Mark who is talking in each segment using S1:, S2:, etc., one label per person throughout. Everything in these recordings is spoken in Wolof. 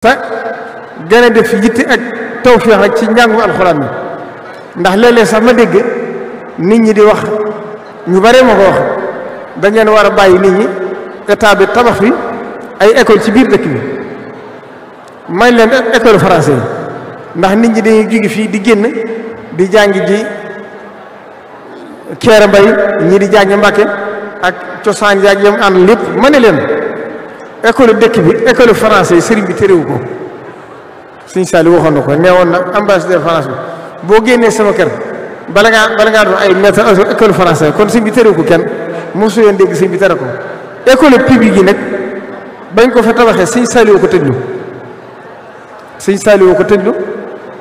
S1: te gën a def yitte ak tawféex rek ci njàngu alxuraan mi ndax léeg-léeg sax ma dégg nit ñi di wax ñu bare ma ko wax da ngeen war a bàyyi nit ñi état bi tabax fi ay école ci biir dëkk bi may leen école français yi ndax nit ñi dañuy jóge fii di génn di jàngi ji keer mbay ñii di jàngi mbàkke ak cosaan yaag yam ànd lépp ma ne leen école dëkk bi école français yi sëriñ bi téréwu ko sëñ Saali waxoon na ko nee woon na ambassadeur France bi boo génnee sama kër bala ngaa bala ngaa doon ay maître école français kon sëñ bi téréwu ko kenn mosu leen dégg sëñ bi tere ko école publique yi nag bañ ko fa tabaxee sëñ Saali woo ko tëjlu sëñ Saali woo ko tëjlu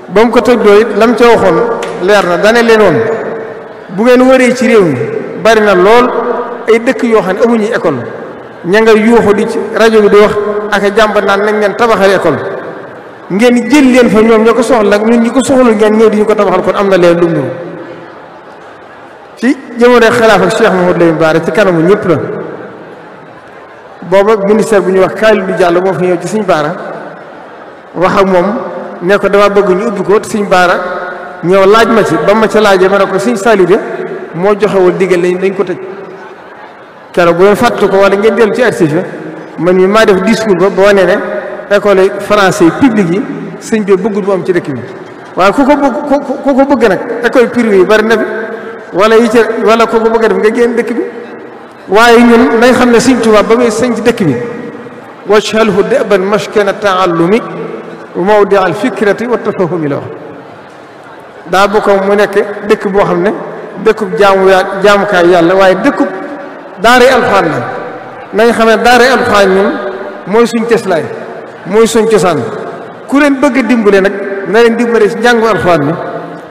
S1: ba mu ko tëjloo lam ca waxoon leer na dane leen woon bu ngeen waree ci réew mi bari na lool ay dëkk yoo xam ne amuñuy école ña nga yuuxu di ci rajo bi di wax ak jàmba naan nañ leen tabaxal école ngeen jël leen fa ñoom ñoo ko soxla ak ñun ñi ko soxlu ngeen ñëw di ñu ko tabaxal kon am na leen lu mu ci jamono xalaaf ak Cheikh Mouhamadou Lamine Bara ci kanamu ñëpp la booba ministère bu ñuy wax Kalidou Diallo moo fa ci suñ baara wax ak moom ne ko dama bëgg ñu ubbi ko suñ baara ñëw laaj ma ci ba ma ca laajee ma ne ko suñ Saliou de moo joxewul digal nañ dañ ko tëj. keroog bu ngeen fàttali ko wala ngeen dellu ci archive ya man mi maa def discours ba boo nee ne école français yi publique yi sëñ bi bëggul mu ci dëkk bi waaye ku ko bëgg ku ko bëgg nag école privée yi bari na fi wala yi ca nga génn dëkk bi waaye ñun nañ xam ne sëñ Tuubaa ba muy sëñ ci dëkk bi wajhalhu deban mashkana taallumi wa mawdia al fikrati wa tafahumi la daa bokk mu nekk dëkk boo xam ne dëkkub jaamu jaamukaay yàlla waaye dëkkub daaray alxuraan na nañ xam ne daaray alxuraan ñun mooy suñ cëslaay mooy suñ cosaan ku leen bëgg a dimbale nag na leen dimbale ci njàngu alxuraan mi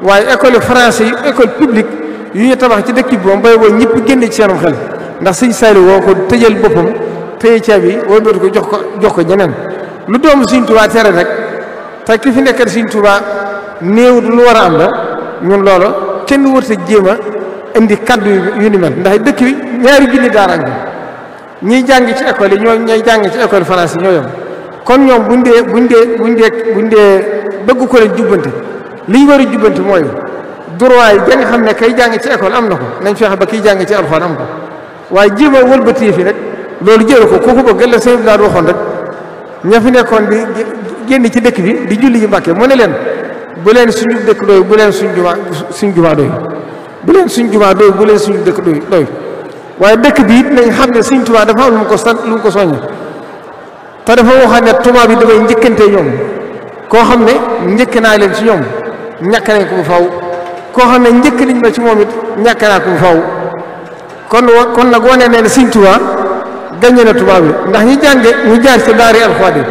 S1: waaye école français yi école publique yu ñu tabax ci dëkk bi moom bay boo ñëpp génne ci seenum xel ndax sëñ Saaliw woo ko tëjal boppam téye caabi yi woo dootu ko jox ko jox ko ñeneen lu doomu sëñ Tuubaa tere rek te ki fi nekkal sëñ Tuubaa néew lu war a am la ñun loolu kenn wërta jéem a indi kaddu yu ni mel ndax dëkk bi ñaari junni daara ngi ñiy jàng ci école yi ñoo ñay jàng ci école français ñoo yem kon ñoom buñ dee buñ dee buñ dee buñ dee bëgg ko leen jubbante li ñu war a jubbante mooy droit yi xam ne kay jàng ci école am na ko nañ fexe ba kiy jàng ci alxuraan am ko waaye jéem a wëlbati fi rek loolu jël ko kooku bëgg la sëñ bi daal waxoon rek ña fi nekkoon di génn ci dëkk bi di julli ji mbàkke mu ne leen bu suñu dëkk doy suñ jumaa suñ jumaa doy bu leen suñ jumaa doy bu leen suñ dëkk doy doy waaye dëkk bi it nañ xam ne suñ tubaa dafa lu mu ko sant lu ko soññ te dafa waxoon ne tubaab bi dafay njëkkante ñoom koo xam ne njëkk naa leen ci ñoom ñàkk nañ ko bu faw koo xam ne njëkk nañ ma ci moom it ñàkk faw kon kon nag wane ne ne suñ tubaa tubaab bi ndax ñi jànge ñu jaar ci daari alxuraan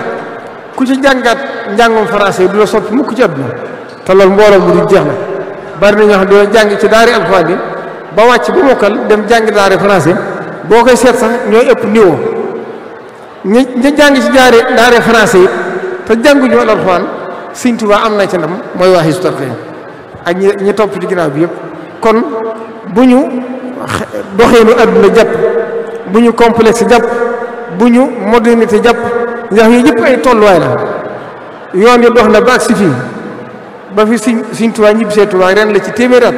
S1: ku ci jàngaat njàngum français du la soppi mukk ci àdduna te loolu mbooloo bu du jeex na bari na ñoo xam ne jàng ci daari alxuraan yi ba wàcc ba mokkal dem jàng daari français boo koy seet sax ñooy ëpp niveau ñi ñi jàng ci daari daari français yi te jànguñu wàllu alxuraan Sëñ Tuubaa am na ci ndam mooy waa Hizbut Tarqiyyah ak ñi ñi topp ci ginnaaw bi yëpp kon bu ñu doxeenu àdduna jàpp bu ñu complexe jàpp bu ñu modernité jàpp ndax yooyu yëpp ay tolluwaay la yoon yi dox na ba ak si fii ba fi siñ suñ Tuubaa ñibbisee Tuubaa ren la ci téeméer at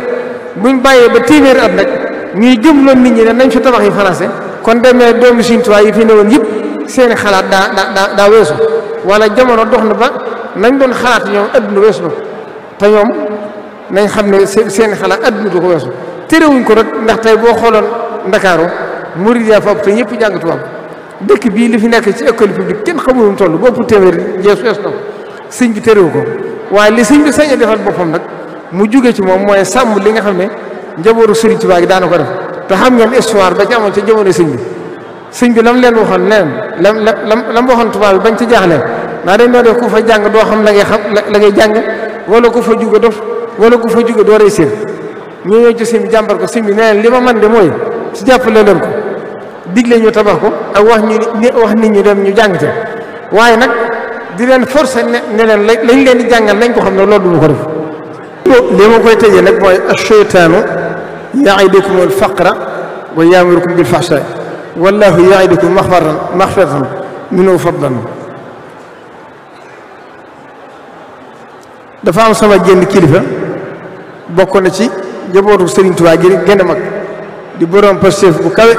S1: buñ bàyyee ba téeméer at nag jëm jëmloon nit ñi ne nañ fi tabax yi français kon demee doomi suñ Tuubaa yi fi ne newoon yëpp seeni xalaat daa daa daa weesu wala jamono dox na ba nañ doon xalaat ñoom adduna weesu na te ñoom nañ xam ne seeni xalaat adduna du ko weesu terewuñ ko rek ndax tey boo xooloon ndakaaru murid yaa fa ëpp te ñëpp jàng tubaab dëkk bii li fi nekk ci école publique kenn xamul mu toll boobu téeméer jeesu weesu na sëñ bi terewu ko waaye li sëñ bi sañ defal boppam nag mu jóge ci moom mooy sàmm li nga xam ne njabootu sëriñ Tuubaa gi daana ko def te xam ngeen histoire ba ci ca jamono siñ bi sëñ bi lam leen waxoon neen lam lam lam waxoon tubaab bi bañ ci jaaxlee naa dañ doo def ku fa jàng doo xam la ngay xam la ngay jàng wala ku fa jóge dof wala ku fa jóge doo réussir ñu ñëw ci sëñ bi jàmbar ko sëñ bi neen li ma man de mooy ci jàppale leen ko digle ñu tabax ko ak wax ñu wax nit ñi dem ñu jàng te waaye nag di leen forcer ne ne leen lañ leen di jàngal nañ ko xam ne loolu du ma ko def. li ma koy tëjee nag mooy ash-shaytaanu ya'idukum al-faqra wa ya'murukum bil-fahshaa wallaahu ya'idukum maghfiratan maghfiratan minhu wa fadlan dafa am sama génn kilifa bokk na ci njabootu Serigne Touba gi gën a mag di borom Pastef bu kawe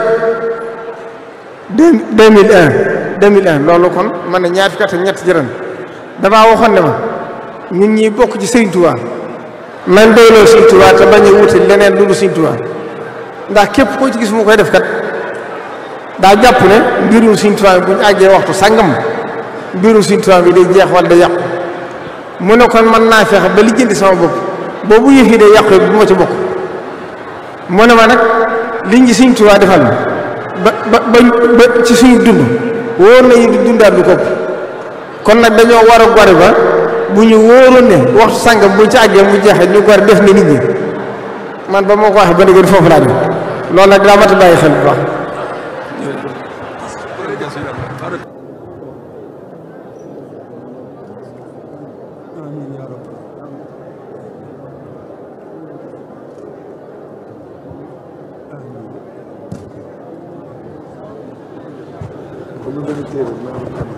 S1: deux mille 2001 loolu kon mën na ñaar fukki at ak ñett jërën damaa waxoon ne ma ñun ñi bokk ci Sëriñ Tuubaa man doyloo Sëriñ Tuubaa te bañ a wuti leneen lu dul ndax képp koo ci gis mu koy def kat daa jàpp ne mbirum Sëriñ Tuubaa bi bu sàngam mbirum Sëriñ bi day jeex wala day yàqu mu ne kon mën naa fexe ba lijjanti sama bopp boobu yëf de day yàqu yi bu ci bokk mu ne ma nag liñ ci Sëriñ Tuubaa defal ma ba ba ba ci suñu dund wóor na yi di dundaat lu kopp kon nag dañoo war a ba bu ñu wóoroon ne waxtu sàngam bu ci àggee mu jeexee ñu gore def ne nit ñi man ba moo ko waxee ba dëgër foofu laa dem loolu nag daa mat a bàyyi xel bu comme lu gën a téere